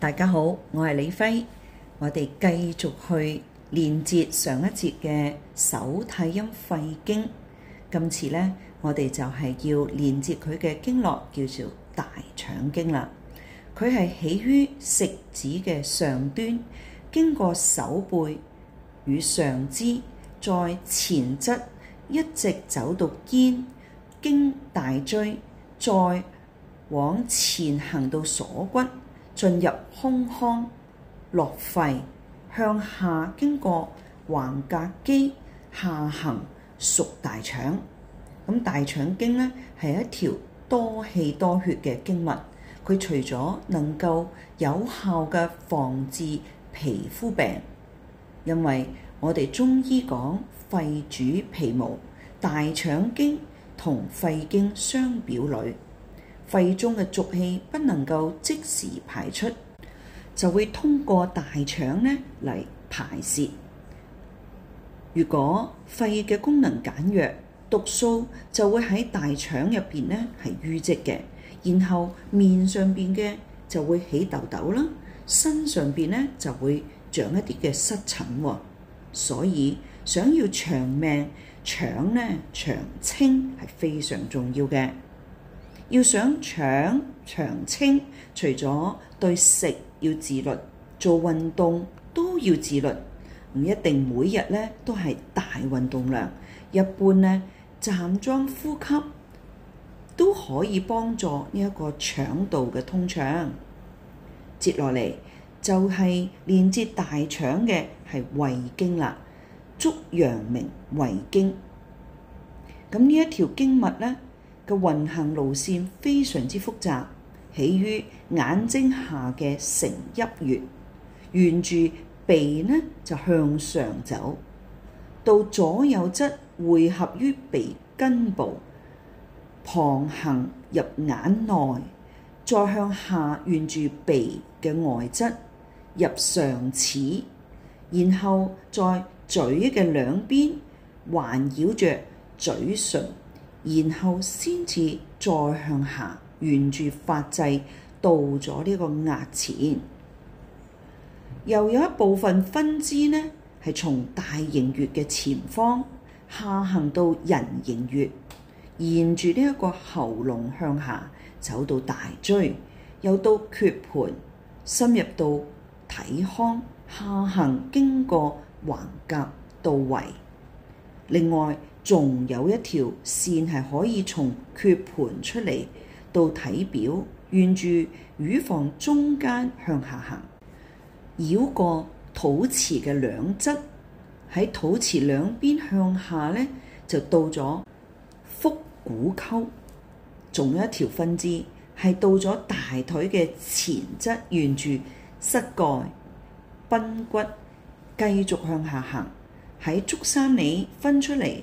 大家好，我係李輝。我哋繼續去連接上一節嘅手太陰肺經，今次呢，我哋就係要連接佢嘅經絡，叫做大腸經啦。佢係起於食指嘅上端，經過手背與上肢，再前側一直走到肩，經大椎，再往前行到鎖骨。進入胸腔、落肺，向下經過橫膈肌，下行屬大腸。咁大腸經呢係一條多氣多血嘅經脈，佢除咗能夠有效嘅防治皮膚病，因為我哋中醫講肺主皮毛，大腸經同肺經相表裏。肺中嘅濁氣不能夠即時排出，就會通過大腸呢嚟排泄。如果肺嘅功能減弱，毒素就會喺大腸入邊呢係淤積嘅，然後面上邊嘅就會起痘痘啦，身上邊呢就會長一啲嘅濕疹喎。所以想要長命，腸呢腸清係非常重要嘅。要想腸長清，除咗對食要自律，做運動都要自律，唔一定每日咧都係大運動量。一般咧，站樁呼吸都可以幫助呢一個腸道嘅通暢。接落嚟就係、是、連接大腸嘅係胃經啦，足陽明胃經。咁呢一條經脈咧？嘅運行路線非常之複雜，起於眼睛下嘅承泣穴，沿住鼻呢就向上走到左右側匯合於鼻根部，旁行入眼內，再向下沿住鼻嘅外側入上齒，然後在嘴嘅兩邊環繞着嘴唇。然後先至再向下沿住髮際到咗呢個額前，又有一部分分支呢係從大迎穴嘅前方下行到人迎穴，沿住呢一個喉嚨向下走到大椎，又到缺盆，深入到體腔，下行經過橫膈到胃。另外仲有一條線係可以從缺盆出嚟到體表，沿住乳房中間向下行，繞過肚臍嘅兩側，喺肚臍兩邊向下咧，就到咗腹股溝。仲有一條分支係到咗大腿嘅前側，沿住膝蓋、髕骨繼續向下行，喺足三里分出嚟。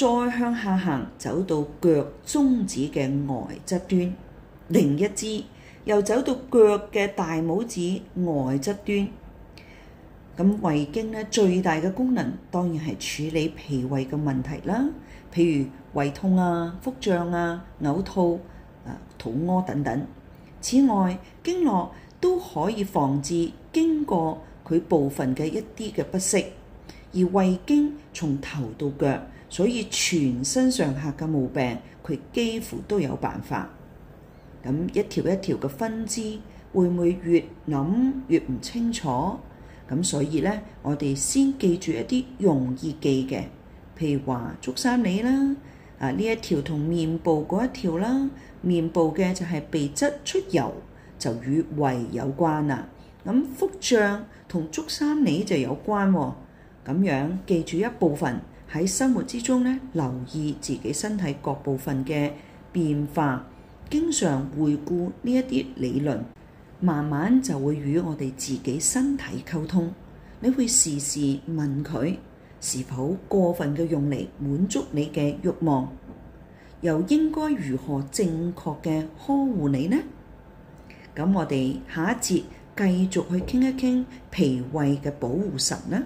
再向下行，走到腳中指嘅外側端，另一支又走到腳嘅大拇指外側端。咁胃經咧，最大嘅功能當然係處理脾胃嘅問題啦，譬如胃痛啊、腹脹啊、嘔吐啊、肚屙等等。此外，經絡都可以防止經過佢部分嘅一啲嘅不適，而胃經從頭到腳。所以全身上下嘅毛病，佢幾乎都有辦法。咁一條一條嘅分支，會唔會越諗越唔清楚？咁所以咧，我哋先記住一啲容易記嘅，譬如話足三里啦，啊呢一條同面部嗰一條啦，面部嘅就係鼻質出油就與胃有關啦。咁腹脹同足三里就有關喎。咁樣記住一部分。喺生活之中咧，留意自己身體各部分嘅變化，經常回顧呢一啲理論，慢慢就會與我哋自己身體溝通。你會時時問佢，是否過分嘅用嚟滿足你嘅欲望，又應該如何正確嘅呵護你呢？咁我哋下一節繼續去傾一傾脾胃嘅保護神啦。